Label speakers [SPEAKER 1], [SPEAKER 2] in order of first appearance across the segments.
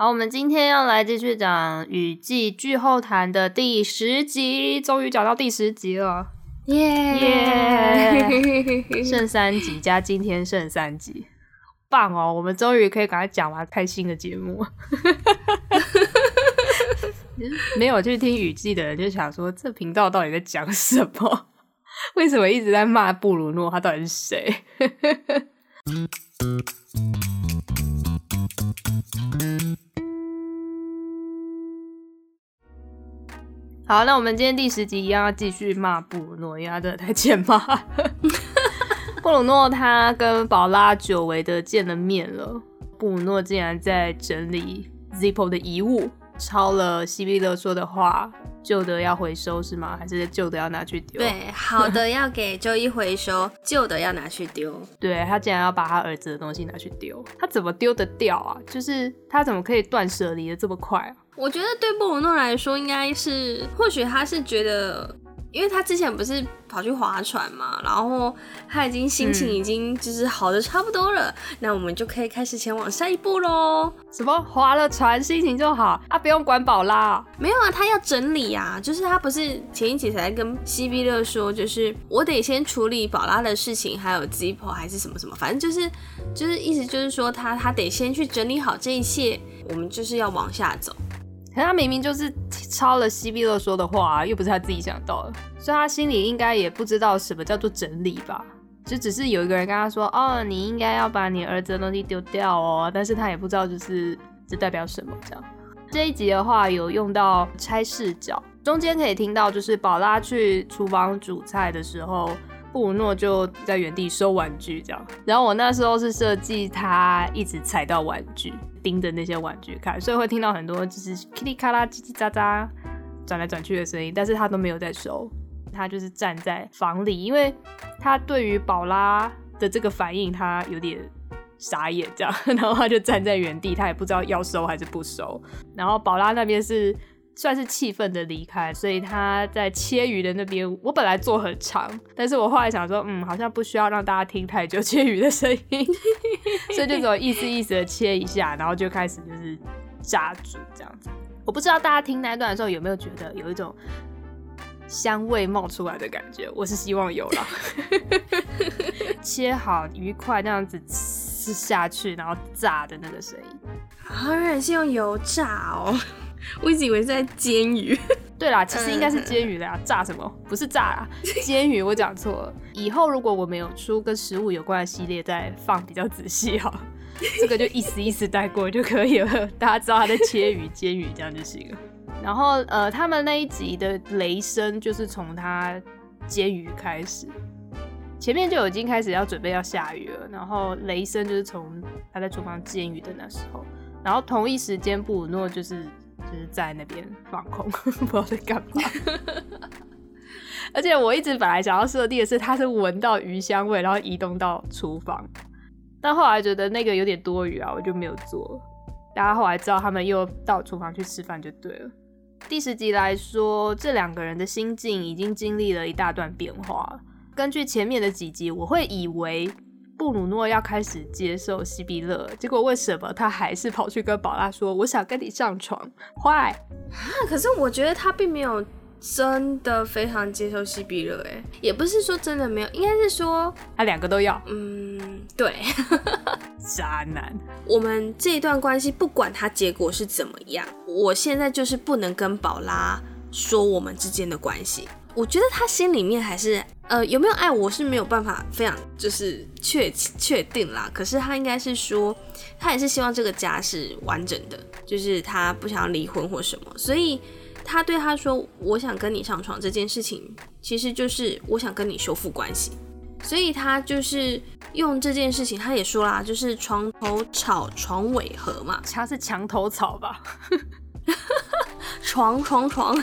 [SPEAKER 1] 好，我們今天要來繼續講《雨季劇後談》的第十集，終於講到第十集了，耶、yeah！耶 Yeah 剩三集加今天剩三集，棒哦！我們終於可以趕快講完，開新的節目。 沒有去聽雨季的人就想說，這頻道到底在講什麼？ 為什麼一直在罵布魯諾？他到底是誰？ 好，那我們今天第十集一樣要繼續罵布魯諾，因為他真的太欠罵了。 布魯諾他跟寶拉久違的見了面了，布魯諾竟然在整理 Zippo 的遺物，抄了希比勒說的話，舊的要回收是嗎？還是舊的要拿去丟？對，好的要給周一回收，舊 的要拿去丟。對，他竟然要把他兒子的東西拿去丟，他怎麼丟得掉啊？就是他怎麼可以斷舍離的這麼快啊？我覺得對布魯諾來說應，應該是或許他是覺得，因為他之前不是跑去划船嘛，然後他已經心情已經就是好的差不多了，嗯、那我們就可以開始前往下一步嘍。什麼劃了船心情就好啊？不用管寶拉？沒有啊，他要整理啊。就是他不是前一集才跟希比勒說，就是我得先處理寶拉的事情，還有 Zippo 還是什麼什麼，反正就是就是意思就是說他他得先去整理好這一切，我們就是要往下走。可他明明就是抄了希比勒說的話啊，又不是他自己想到的，所以他心裡應該也不知道什麼叫做整理吧，就只是有一個人跟他說：“哦，你應該要把你兒子的東西丟掉哦。”但是他也不知道就是這代表什麼。這樣。這一集的話有用到拆視角，中間可以聽到就是寶拉去廚房煮菜的時候，布魯諾就在原地收玩具這樣。然後我那時候是設計他一直踩到玩具。盯着那些玩具看，所以會聽到很多就是噼裡咔啦、嘰嘰喳喳、轉來轉去的聲音，但是他都沒有在收，他就是站在房裡，因為他對於寶拉的這個反應，他有點傻眼這樣，然後他就站在原地，他也不知道要收還是不收，然後寶拉那邊是，算是氣憤的離開，所以他在切魚的那邊，我本來做很長，但是我後來想說，嗯，好像不需要讓大家聽太久切魚的聲音， 所以就只有意思意思的切一下，然後就開始就是炸煮這樣子。我不知道大家聽那段的時候有沒有覺得有一種香味冒出來的感覺，我是希望有啦。 切好魚塊這樣子吃下去，然後炸的那個聲音，好，原來是用油炸哦。我一直以為是在煎魚，對啦，其實應該是煎魚的啊，嗯、炸什麼？不是炸啊，煎魚，我講錯了。以後如果我沒有出跟食物有關的系列，再放比較仔細哈，這個就意思意思帶過就可以了。大家知道他在切魚、煎魚，這樣就行了。 然後呃，他們那一集的雷聲就是從他煎魚開始，前面就已經開始要準備要下雨了，然後雷聲就是從他在廚房煎魚的那時候，然後同一時間布魯諾就是。就是在那邊放空，不知道在幹嘛。 而且我一直本來想要設定的是，他是聞到魚香味，然後移動到廚房。但後來覺得那個有點多餘啊，我就沒有做。大家後來知道他們又到廚房去吃飯就對了。第十集來說，這兩個人的心境已經經歷了一大段變化。根據前面的幾集，我會以為。布魯諾要開始接受西比勒，結果為什麼他還是跑去跟寶拉說：“我想跟你上床，壞啊！”可是我覺得他並沒有真的非常接受西比勒，哎，也不是說真的沒有，應該是說他兩個都要。嗯，對， 渣男。我們這一段關係不管他結果是怎麼樣，我現在就是不能跟寶拉說我們之間的關係。我覺得他心裡面還是。呃，有沒有愛我是沒有辦法非常就是確確定啦。可是他應該是說，他也是希望這個家是完整的，就是他不想要離婚或什麼。所以他對他說：“我想跟你上床這件事情，其實就是我想跟你修復關係。”所以他就是用這件事情，他也說啦，就是床頭吵，床尾和嘛。他是牆頭草吧？ 床床床，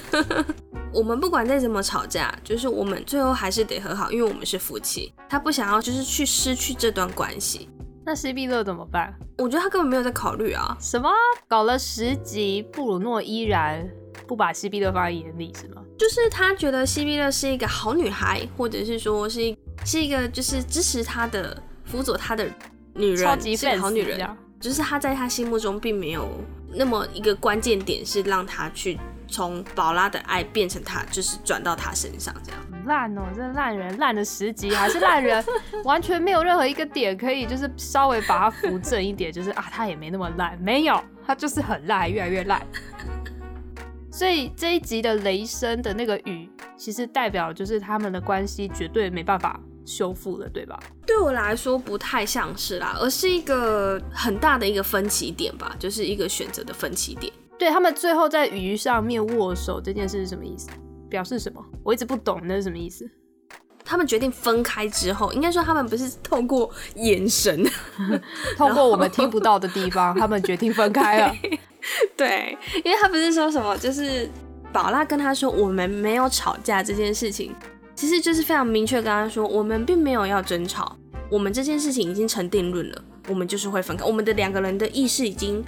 [SPEAKER 1] 我們不管再怎麼吵架，就是我們最後還是得和好，因為我們是夫妻。他不想要，就是去失去這段關係。那西比勒怎麼辦？我覺得他根本沒有在考慮啊。什麼？搞了十集，布魯諾依然不把西比勒放在眼裡是嗎？就是他覺得西比勒是一個好女孩，或者是說是一是一個就是支持他的、輔佐他的女人，超級是一個好女人。就是他在他心目中並沒有。那麼一個關鍵點是讓他去從寶拉的愛變成他，就是轉到他身上這樣，很爛哦，這爛人爛了十集還是爛人， 完全沒有任何一個點可以就是稍微把它扶正一點，就是啊，他也沒那麼爛，沒有，他就是很爛，越來越爛。所以這一集的雷聲的那個雨，其實代表就是他們的關係絕對沒辦法修復了，對吧？對我來說，不太像是啦，而是一個很大的一個分歧點吧，就是一個選擇的分歧點。對他們最後在魚上面握手這件事是什麼意思？表示什麼？我一直不懂，那是什麼意思？他們決定分開之後，應該說他們不是透過眼神，通 過我們聽不到的地方，後他們決定分開了對。對，因為他不是說什麼，就是寶拉跟他說我們沒有吵架這件事情。其實就是非常明確，跟他說我們並沒有要爭吵，我們這件事情已經成定論了，我們就是會分開，我們的兩個人的意識已經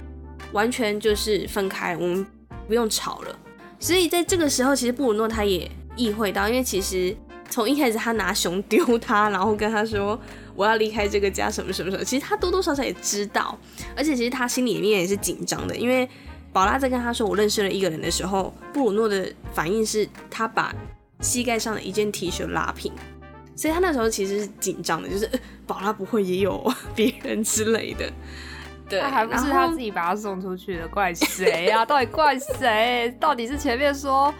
[SPEAKER 1] 完全就是分開，我們不用吵了。所以在這個時候，其實布魯諾他也意會到，因為其實從一開始他拿熊丟他，然後跟他說我要離開這個家什麼什麼什麼，其實他多多少少也知道，而且其實他心裡面也是緊張的，因為寶拉在跟他說我認識了一個人的時候，布魯諾的反應是他把。膝蓋上的一件 T 恤拉平，所以他那時候其實是緊張的，就是寶拉不會也有別人之類的。對，他還不是他自己把他送出去的，怪誰呀？啊？到底怪誰？ 到底是前面說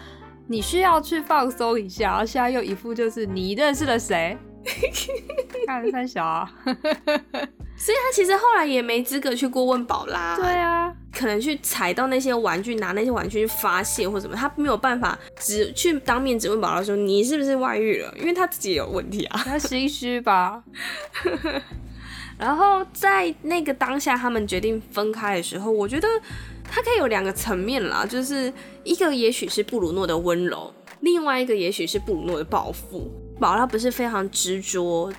[SPEAKER 1] 你需要去放鬆一下，然後現在又一副就是你認識了誰？ 看人三小，啊， 所以他其實後來也沒資格去過問寶拉。對啊。可能去踩到那些玩具，拿那些玩具去發洩或什麼，他沒有辦法只去當面質問寶拉說，你是不是外遇了，因為他自己也有問題啊，他心虛吧。然後在那個當下，他們決定分開的時候，我覺得他可以有兩個層面啦，就是一個也許是布魯諾的溫柔，另外一個也許是布魯諾的抱負。寶拉不是非常執着，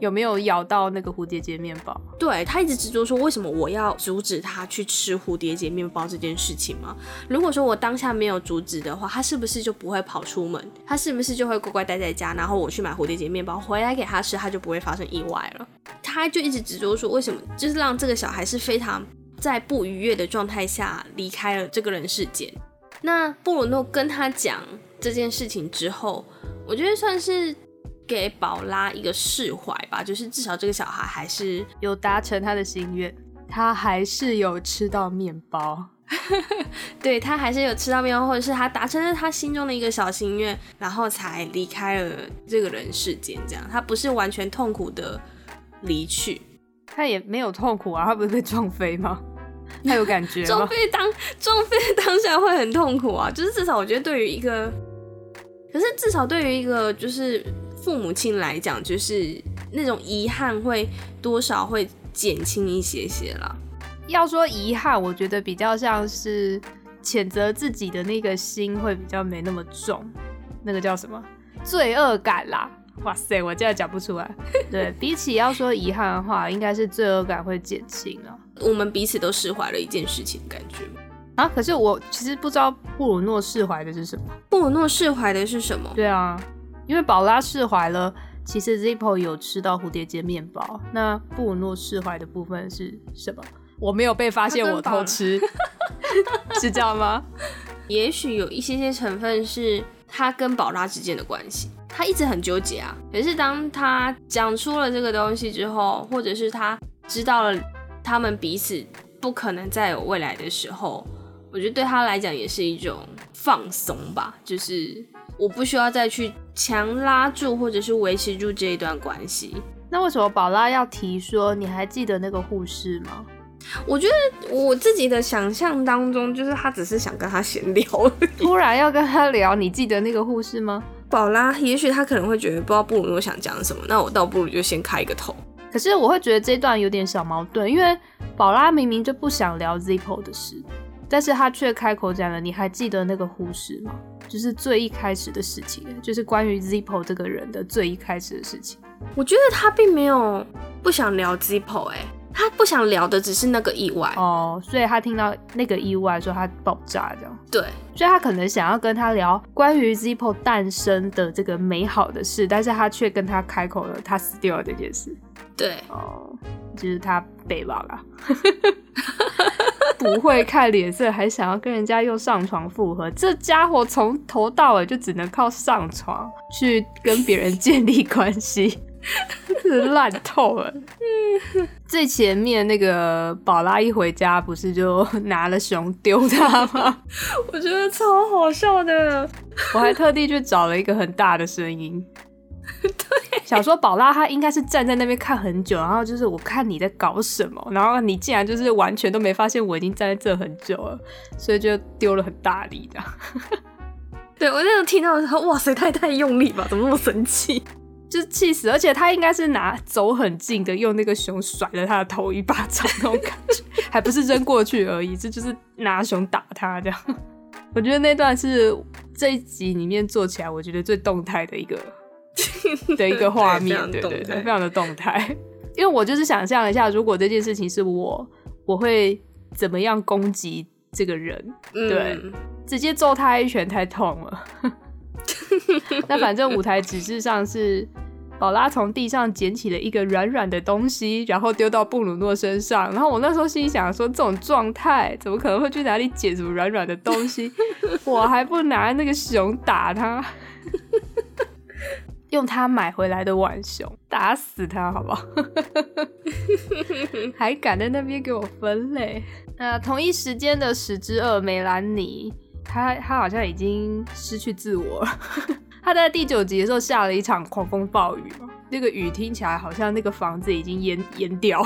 [SPEAKER 1] 有沒有咬到那個蝴蝶結麵包？對他一直執着說，為什麼我要阻止他去吃蝴蝶結麵包這件事情嗎？如果說我當下沒有阻止的話，他是不是就不會跑出門？他是不是就會乖乖待在家？然後我去買蝴蝶結麵包回來給他吃，他就不會發生意外了？他就一直執着說，為什麼？就是讓這個小孩是非常在不愉悅的狀態下離開了這個人世間。那布魯諾跟他講這件事情之後，我覺得算是。給寶拉一個釋懷吧，就是至少這個小孩還是有達成他的心願，他還是有吃到麵包， 對，他還是有吃到麵包，或者是他達成了他心中的一個小心願，然後才離開了這個人世間，這樣他不是完全痛苦的離去，他也沒有痛苦啊，他不是被撞飛嗎？他有感覺嗎？ 撞飛當撞飛當下會很痛苦啊，就是至少我覺得對於一個，可是至少對於一個就是父母親來講，就是那種遺憾會多少會減輕一些些啦。要說遺憾，我覺得比較像是譴責自己的那個心會比較沒那麼重，那個叫什麼罪惡感啦。哇塞，我現在講不出來。對 比起要說遺憾的話，應該是罪惡感會減輕了啊。我們彼此都釋懷了一件事情，感覺。啊，可是我其實不知道布魯諾釋懷的是什麼。布魯諾釋懷的是什麼？對啊。因為寶拉釋懷了，其實 Zippo 有吃到蝴蝶結麵包。那布魯諾釋懷的部分是什麼？我沒有被發現我偷吃， 是這樣嗎？也許有一些些成分是他跟寶拉之間的關係，他一直很糾結啊。可是當他講出了這個東西之後，或者是他知道了他們彼此不可能再有未來的時候，我覺得對他來講也是一種放鬆吧。就是我不需要再去。強拉住或者是維持住這一段關係，那為什麼寶拉要提說，你還記得那個護士嗎？我覺得我自己的想象當中，就是他只是想跟他閒聊，突然要跟他聊，你記得那個護士嗎？寶拉，也許他可能會覺得，不知道布魯諾想講什麼，那我倒不如就先開一個頭。可是我會覺得這段有點小矛盾，因為寶拉明明就不想聊 Zippo 的事，但是他卻開口講了，你還記得那個護士嗎？就是最一開始的事情，就是關於 Zippo 這個人的最一開始的事情。我覺得他並沒有不想聊 Zippo 哎、欸，他不想聊的只是那個意外。哦，oh, 所以他聽到那個意外說他爆炸這樣。對，所以他可能想要跟他聊關於 Zippo 誕生的這個美好的事，但是他卻跟他開口了他死掉了這件事。對，哦，oh, 就是他被挖了。 不會看臉色，還想要跟人家又上床復合，這家伙從頭到尾就只能靠上床去跟別人建立關係，真 是爛透了。嗯、最前面那個寶拉一回家，不是就拿了熊丟他嗎？ 我覺得超好笑的， 我還特地去找了一個很大的聲音。想說寶拉，他應該是站在那邊看很久，然後就是我看你在搞什麼，然後你竟然就是完全都沒發現我已經站在這很久了，所以就丟了很大力，這樣。 對，我那時候聽到的時候，哇塞，他也太用力吧，怎麼那麼神奇， 就是氣死，而且他應該是拿走很近的，用那個熊甩了他的頭一巴掌那種感覺， 還不是扔過去而已，這就是拿熊打他這樣。我覺得那段是這一集裡面做起來我覺得最動態的一個。 的一個畫面，對對，非常的動態。因為我就是想象一下，如果這件事情是我，我會怎麼樣攻擊這個人？對，直接揍他一拳，太痛了。那反正舞台指示上是，寶拉從地上撿起了一個軟軟的東西，然後丟到布魯諾身上。然後我那時候心想說，這種狀態怎麼可能會去哪裡撿什麼軟軟的東西？我還不拿那個熊打他。用他買回來的浣熊打死他，好不好？ 還敢在那邊給我分類？那同一時間的十之二梅蘭妮，他他好像已經失去自我了。 他在第九集的時候下了一場狂風暴雨嘛，那個雨聽起來好像那個房子已經淹淹掉。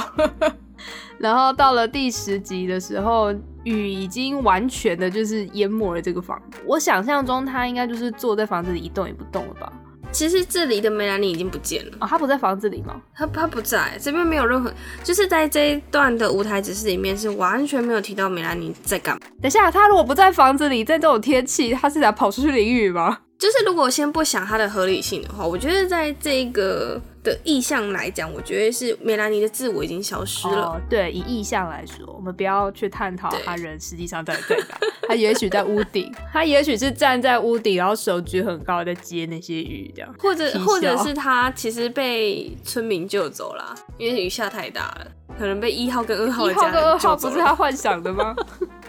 [SPEAKER 1] 然後到了第十集的時候，雨已經完全的就是淹沒了這個房子。我想象中他應該就是坐在房子裡一動也不動了吧。其實這裡的梅蘭妮已經不見了哦，她不在房子裡嗎？她她不在，這邊沒有任何，就是在這一段的舞台指示裡面是完全沒有提到梅蘭妮在幹嘛。等一下，她如果不在房子裡，在這種天氣，她是想跑出去淋雨嗎？就是如果先不想它的合理性的話，我覺得在這個的意向來講，我覺得是梅蘭妮的自我已經消失了。哦、對，以意向來說，我們不要去探討他人實際上在在哪，對他也許在屋頂， 他也許是站在屋頂，然後手舉很高在接那些雨這樣，或者 或者是他其實被村民救走了，因為雨下太大了，可能被一號跟二號。一號跟二號不是他幻想的嗎？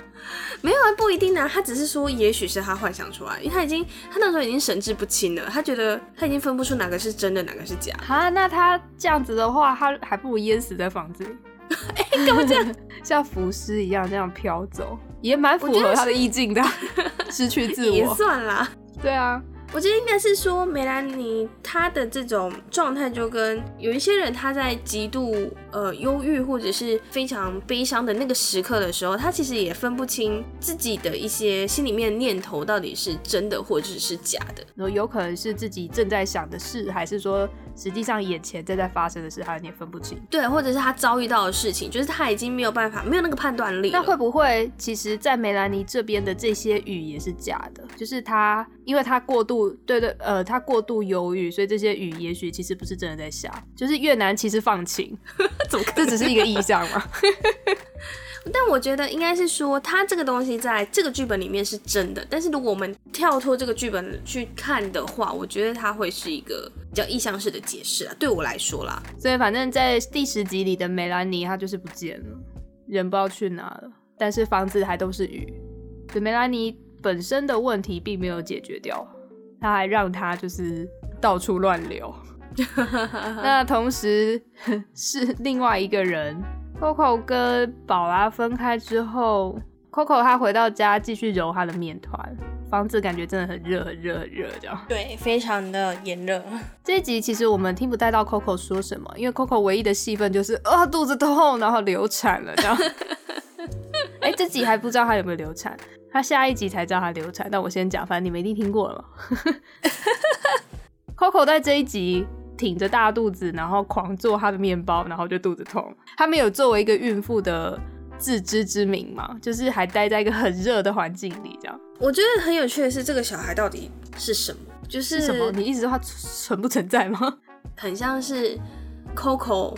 [SPEAKER 1] 沒有啊，不一定呢、啊。他只是說，也許是他幻想出來，因為他已經，他那時候已經神志不清了。他覺得他已經分不出哪個是真的，哪個是假的。好啊，那他這樣子的話，他還不如淹死在房子裡。哎、欸，幹嘛這樣？ 像浮屍一樣這樣飄走，也蠻符合他的意境的。失去自我也算啦。對啊，我覺得應該是說梅蘭妮她的這種狀態，就跟有一些人他在極度。呃，憂鬱或者是非常悲傷的那個時刻的時候，他其實也分不清自己的一些心裡面念頭到底是真的或者是假的，然後有可能是自己正在想的事，還是說實際上眼前正在發生的事，他有點分不清。對，或者是他遭遇到的事情，就是他已經沒有辦法，沒有那個判斷力。那會不會，其實，在梅蘭妮這邊的這些雨也是假的？就是他，因為他過度，對對，對，呃，他過度憂鬱，所以這些雨也許其實不是真的在下，就是越南其實放晴。 這只是一個意象嗎？ 但我覺得應該是說，它這個東西在這個劇本裡面是真的。但是如果我們跳脫這個劇本去看的話，我覺得它會是一個比較意象式的解釋啊。對我來說啦，所以反正在第十集裡的梅蘭妮，她就是不見了，人不知道去哪了，但是房子還都是雨。這梅蘭妮本身的問題並沒有解決掉，他還讓他就是到處亂流。 那同時是另外一個人，Coco 跟寶拉分開之後，Coco 他回到家繼續揉他的麵團，房子感覺真的很熱，很熱，很熱這樣。對，非常的炎熱。這一集其實我們聽不太到 Coco 說什麼，因為 Coco 唯一的戲份就是啊，肚子痛，然後流產了這樣。哎，這集還不知道他有沒有流產，他下一集才知道他流產。但我先講，反正你們一定聽過了。 Coco 在這一集。挺着大肚子，然後狂做他的麵包，然後就肚子痛。他沒有作為一個孕婦的自知之明嘛？就是還待在一個很熱的環境裡，這樣。我覺得很有趣的是，這個小孩到底是什麼？就是，是什麼？你意思說他存不存在嗎？很像是 COCO。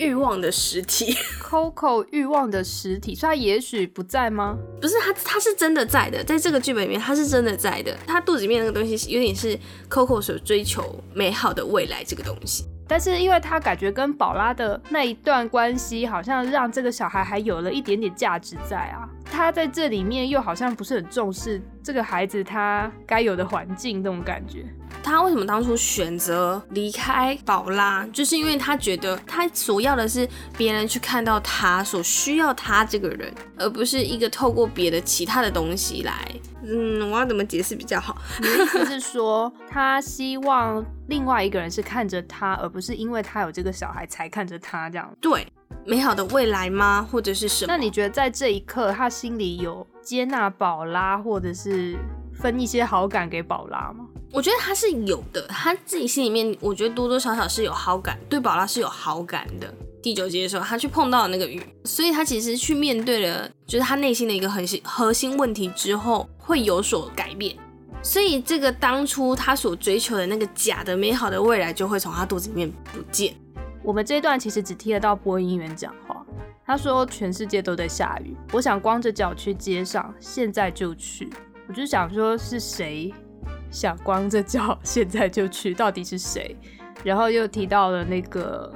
[SPEAKER 1] 欲望的實體，Coco 欲望的實體，所以他也許不在嗎？不是，他，他是真的在的，在這個劇本裡面，他是真的在的。他肚子裡面的那個東西，有點是 Coco 所追求美好的未來這個東西。但是，因為他感覺跟寶拉的那一段關係，好像讓這個小孩還有了一點點價值在啊。他在這裡面又好像不是很重視這個孩子他該有的環境，這種感覺。他為什麼當初選擇離開寶拉，就是因為他覺得他所要的是別人去看到他所需要他這個人，而不是一個透過別的其他的東西來。嗯，我要怎麼解釋比較好？就是說，他希望另外一個人是看着他，而不是因為他有這個小孩才看着他這樣。對，美好的未來嗎？或者是什麼？那你覺得在這一刻，他心裡有接納寶拉，或者是分一些好感給寶拉嗎？我覺得他是有的，他自己心裡面，我覺得多多少少是有好感，對寶拉是有好感的。第九集的時候，他去碰到了那個雨，所以他其實去面對了，就是他內心的一個核心核心問題之後，會有所改變。所以這個當初他所追求的那個假的美好的未來，就會從他肚子裡面不見。我們這一段其實只聽得到播音員講話，他說全世界都在下雨，我想光着腳去街上，現在就去。我就想說是誰？想光着腳，現在就去，到底是誰？然後又提到了那個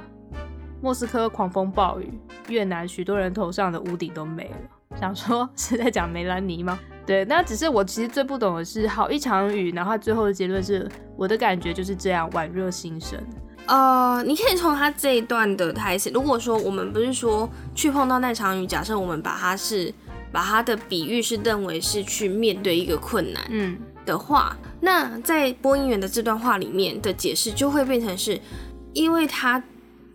[SPEAKER 1] 莫斯科狂風暴雨，越南許多人頭上的屋頂都沒了。想說是在講梅蘭妮嗎？對，那只是我其實最不懂的是，好一場雨，然後最後的結論是，我的感覺就是這樣，宛若新生。呃，你可以從他這一段的台詞，如果說我們不是說去碰到那場雨，假設我們把它是把它的比喻是認為是去面對一個困難，嗯。的話，那在播音員的這段話裡面的解釋就會變成是，因為他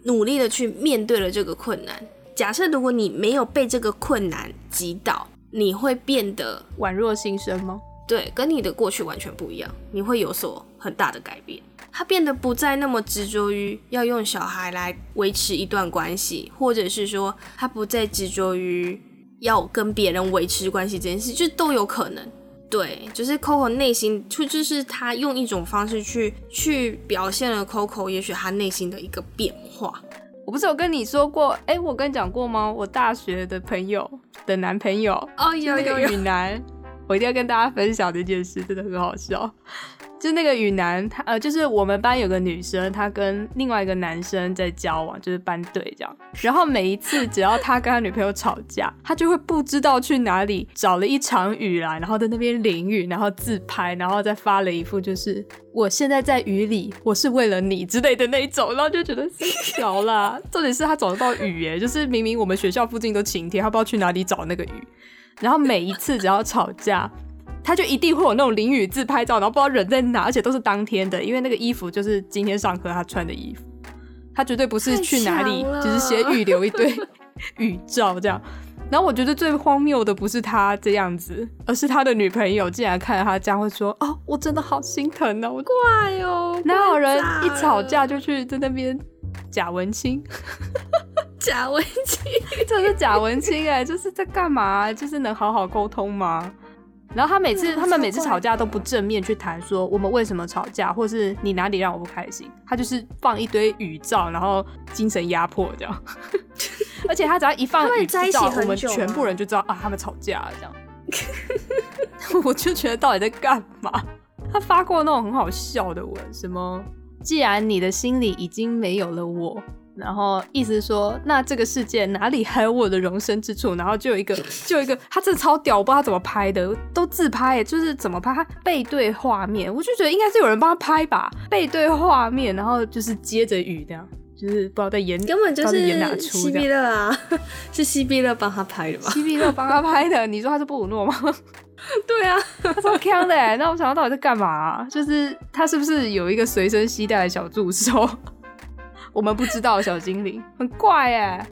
[SPEAKER 1] 努力的去面對了這個困難。假設如果你沒有被這個困難擊倒，你會變得宛若新生嗎？對，跟你的過去完全不一樣，你會有所很大的改變。他變得不再那麼執着於要用小孩來維持一段關係，或者是說他不再執着於要跟別人維持關係這件事，就都有可能。對，就是 Coco 內心，就就是他用一種方式去去表現了 Coco，也許他內心的一個變化。我不是有跟你說過，哎，我跟你講過嗎？我大學的朋友的男朋友，哦、oh，有有有有。我一定要跟大家分享這件事，真的很好笑。就那個雨男，他呃，就是我們班有個女生，她跟另外一個男生在交往，就是班對這樣。然後每一次只要他跟他女朋友吵架，他就會不知道去哪裡找了一場雨來，然後在那邊淋雨，然後自拍，然後再發了一副，就是我現在在雨裡，我是為了你之類的那一種。然後就覺得啦笑了。重點是他找得到雨耶、欸？就是明明我們學校附近都晴天，他不知道去哪裡找那個雨。然後每一次只要吵架，他就一定會有那種淋雨自拍照，然後不知道人在哪，而且都是當天的，因為那個衣服就是今天上課他穿的衣服，他絕對不是去哪裡，就是先預留一堆雨照這樣。 然後我覺得最荒謬的不是他這樣子，而是他的女朋友竟然看到他這樣會說：“哦，我真的好心疼哦、啊。我”怪哦，怪，哪有人一吵架就去在那邊假文青？假文青，這是假文青哎、欸，就是在幹嘛？就是能好好溝通嗎？然後他每次，他們每次吵架都不正面去談，說我們為什麼吵架， 或是你哪裡讓我不開心，他就是放一堆雨照，然後精神壓迫這樣。 而且他只要一放雨照，們在一起我們全部人就知道啊，他們吵架了這樣。 我就覺得到底在幹嘛？ 他發過那種很好笑的文，什麼“既然你的心裡已經沒有了我”。然後意思說，那這個世界哪裡還有我的容身之處？然後就有一個，就有一個，他真的超屌，我不知道怎麼拍的，都自拍，就是怎麼拍，他背對畫面，我就覺得應該是有人幫他拍吧，背對畫面，然後就是接着雨這樣，就是不知道在演，根本就是演哪出希比勒啊，是希比勒幫他拍的吧？希比勒幫他拍的， 你說他是布魯諾嗎？ 對啊， 他超鏘的哎，那我想要到，到底是幹嘛啊？就是他是不是有一個隨身攜帶的小助手？我們不知道的小精靈，很怪哎、欸，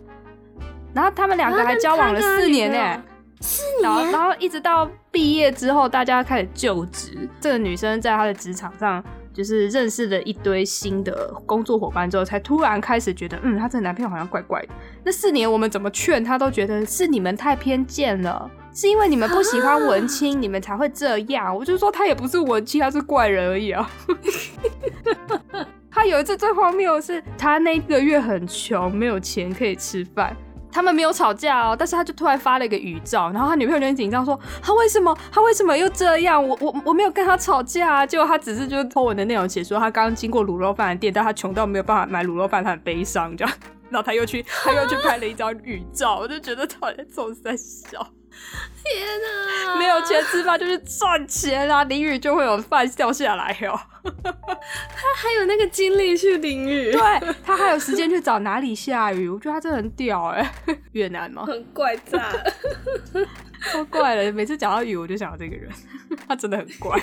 [SPEAKER 1] 然後他們兩個還交往了四年哎，四年，然後一直到畢業之後，大家開始就職，這個女生在她的職場上就是認識了一堆新的工作伙伴之後，才突然開始覺得，嗯，她這個男朋友好像怪怪的。那四年我們怎麼勸她，都覺得是你們太偏見了，是因為你們不喜歡文青，你們才會這樣。我就說她也不是文青，她是怪人而已啊、喔。 他有一次最荒謬的是，他那個月很窮，沒有錢可以吃飯。他們沒有吵架哦、喔，但是他就突然發了一個雨照，然後他女朋友就很緊張，說他為什麼，他為什麼又這樣？我我我沒有跟他吵架、啊，結果他只是就偷我的內容寫說他剛經過滷肉飯的店，但他窮到沒有辦法買滷肉飯，他很悲傷，這樣，然後他又去他又去拍了一張雨照，我就覺得他好像總是在笑。天哪、啊！沒有錢吃飯就是賺錢啊！淋雨就會有飯掉下來喲、哦。他還有那個精力去淋雨，對，他還有時間去找哪裡下雨。我覺得他真的很屌哎、欸，越南嗎？很怪炸，超怪的。每次講到雨，我就想到這個人，他真的很怪。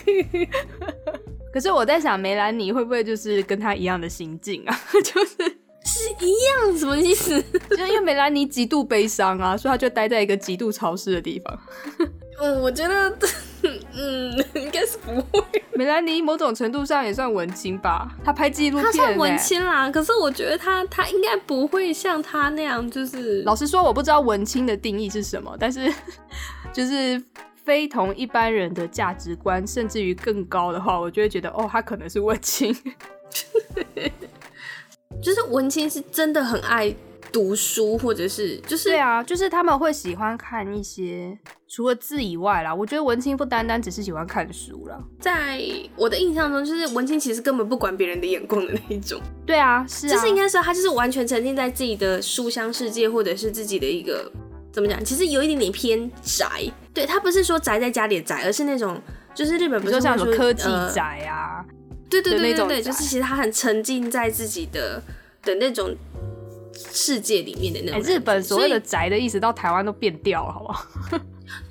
[SPEAKER 1] 可是我在想梅蘭妮會不會就是跟他一樣的心境啊？就是。是一樣，什麼意思？就 因為梅蘭妮極度悲傷啊，所以他就待在一個極度潮濕的地方。嗯，我覺得，嗯，應該是不會。梅蘭妮某種程度上也算文青吧，他拍紀錄片欸。他算文青啦，可是我覺得他她，她應該不會像他那樣，就是老實說，我不知道文青的定義是什麼，但是就是非同一般人的價值觀，甚至於更高的話，我就會覺得哦，他可能是文青。 就是文青是真的很愛讀書，或者是就是對啊，就是他們會喜歡看一些除了字以外啦。我覺得文青不單單只是喜歡看書了，在我的印象中，就是文青其實根本不管別人的眼光的那一種。對啊，是啊，就是應該說他就是完全沉浸在自己的書香世界，嗯、或者是自己的一個怎麼講，其實有一點點偏宅。對，他不是說宅在家裡宅，而是那種就是日本不是，比如說像什麼科技宅啊。呃對對對對對，就是其實他很沉浸在自己的的那種世界裡面的那種人。哎、欸，日本所謂的宅的意思以到台灣都變掉了，好不好？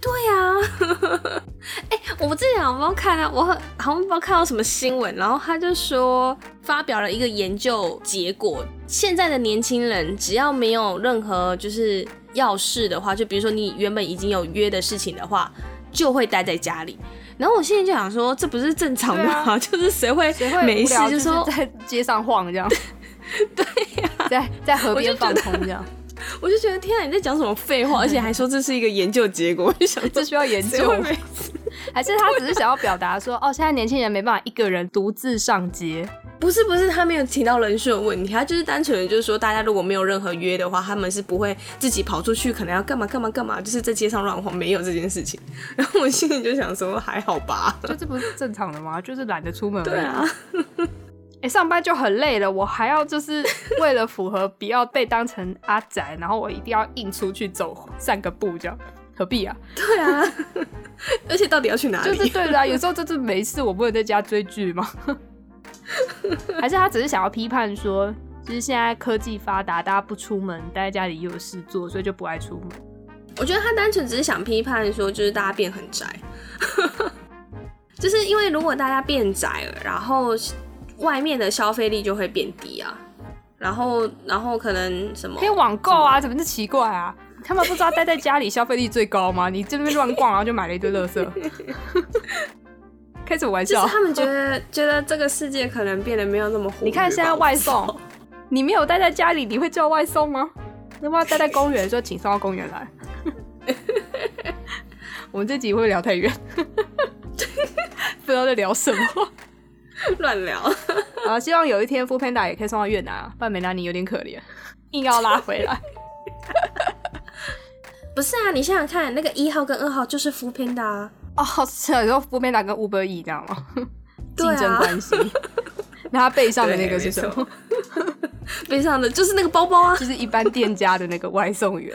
[SPEAKER 1] 對呀、啊 欸。我之前我不看啊，我好像不知道看到什麼新聞，然後他就說發表了一個研究結果，現在的年輕人只要沒有任何就是要事的話，就比如說你原本已經有約的事情的話，就會待在家裡。然後我心裡就想說，這不是正常的嗎？啊、就是誰會沒事就說就是在街上晃這樣？對呀，對啊，在在河邊放空這樣。我就覺得，就覺得天啊，你在講什麼廢話？ 而且還說這是一個研究結果， 我就想這需要研究？啊、還是他只是想要表達說，啊、哦，現在年輕人沒辦法一個人獨自上街？不是不是，他沒有提到人事問題，他就是單純的，就是說大家如果沒有任何約的話，他們是不會自己跑出去，可能要幹嘛幹嘛幹嘛，就是在街上亂晃，沒有這件事情。然後我心裡就想說，還好吧，就這不是正常的嗎？就是懶得出門。對啊，哎、欸，上班就很累了，我還要就是為了符合不要被當成阿宅， 然後我一定要硬出去走散個步，這樣何必啊？對啊， 而且到底要去哪裡？就是對的啊，有時候就是沒事，我不能在家追劇嗎？ 還是他只是想要批判說，就是現在科技發達，大家不出門，待在家裡又有事做，所以就不愛出門。我覺得他單純只是想批判說，就是大家變很宅， 就是因為如果大家變宅了，然後外面的消費力就會變低啊。然後，然後可能什麼？可以網購啊，什麼？怎麼是奇怪啊？他們不知道待在家裡消費力最高嗎？你這邊亂逛，然後就買了一堆垃圾。 開什麼玩笑？就是他們覺得 覺得這個世界可能變得沒有那麼火。你看現在外送， 你沒有待在家裡，你會叫外送嗎？要不要待在公園說，請送到公園來。 我們這集會不會聊太遠？不知道在聊什麼， 亂聊。 希望有一天 Foodpanda 也可以送到越南啊，不然梅蘭妮有點可憐，硬要拉回來。 不是啊，你想想看，那個一號跟二號就是 Foodpanda。哦，好笑！你說 foodpanda 跟 Uber Eats，這樣嗎？競爭關係。那 他背上的那個是什麼？ 背上的就是那個包包啊， 就是一般店家的那個外送員。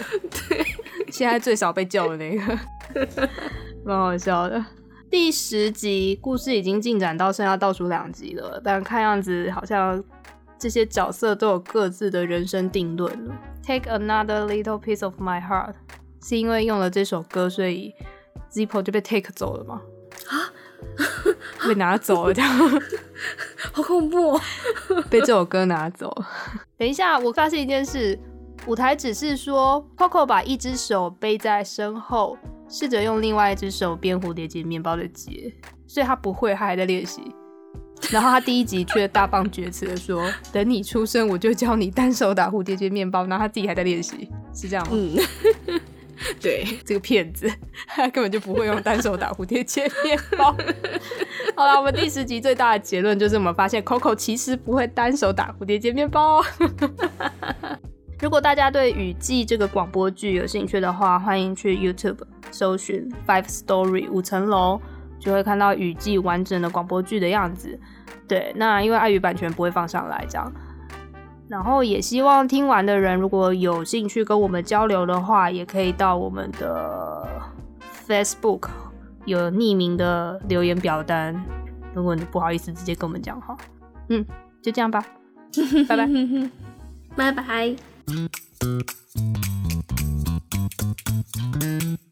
[SPEAKER 1] 對， 現在最少被叫的那個， 蠻好笑的。第十集故事已經進展到剩下倒數兩集了，但看樣子好像這些角色都有各自的人生定論了。Take another little piece of my heart，是因為用了這首歌，所以。Zippo 就被 take 走了嗎？啊，被拿走了，這樣好恐怖！被這首歌拿走，等一下，我發現一件事，舞台只是說 COCO 把一隻手背在身後，試着用另外一隻手編蝴蝶結麵包的結，所以他不會，他還在練習。然後他第一集卻大放厥詞的說：“等你出生，我就教你單手打蝴蝶結麵包。”然後他自己還在練習，是這樣嗎？嗯。對這個騙子，根本就不會用單手打蝴蝶結麵包。 好啦，我們第十集最大的結論就是，我們發現 Coco 其實不會單手打蝴蝶結麵包哦。 如果大家對雨季這個廣播劇有興趣的話，歡迎去 YouTube 搜尋 Five Story 五層樓，就會看到雨季完整的廣播劇的樣子。對，那因為礙於版權不會放上來這樣。然後也希望聽完的人，如果有興趣跟我們交流的話，也可以到我們的 Facebook 有匿名的留言表單。如果你不好意思，直接跟我們講好嗯，就這樣吧，拜拜 bye，拜拜。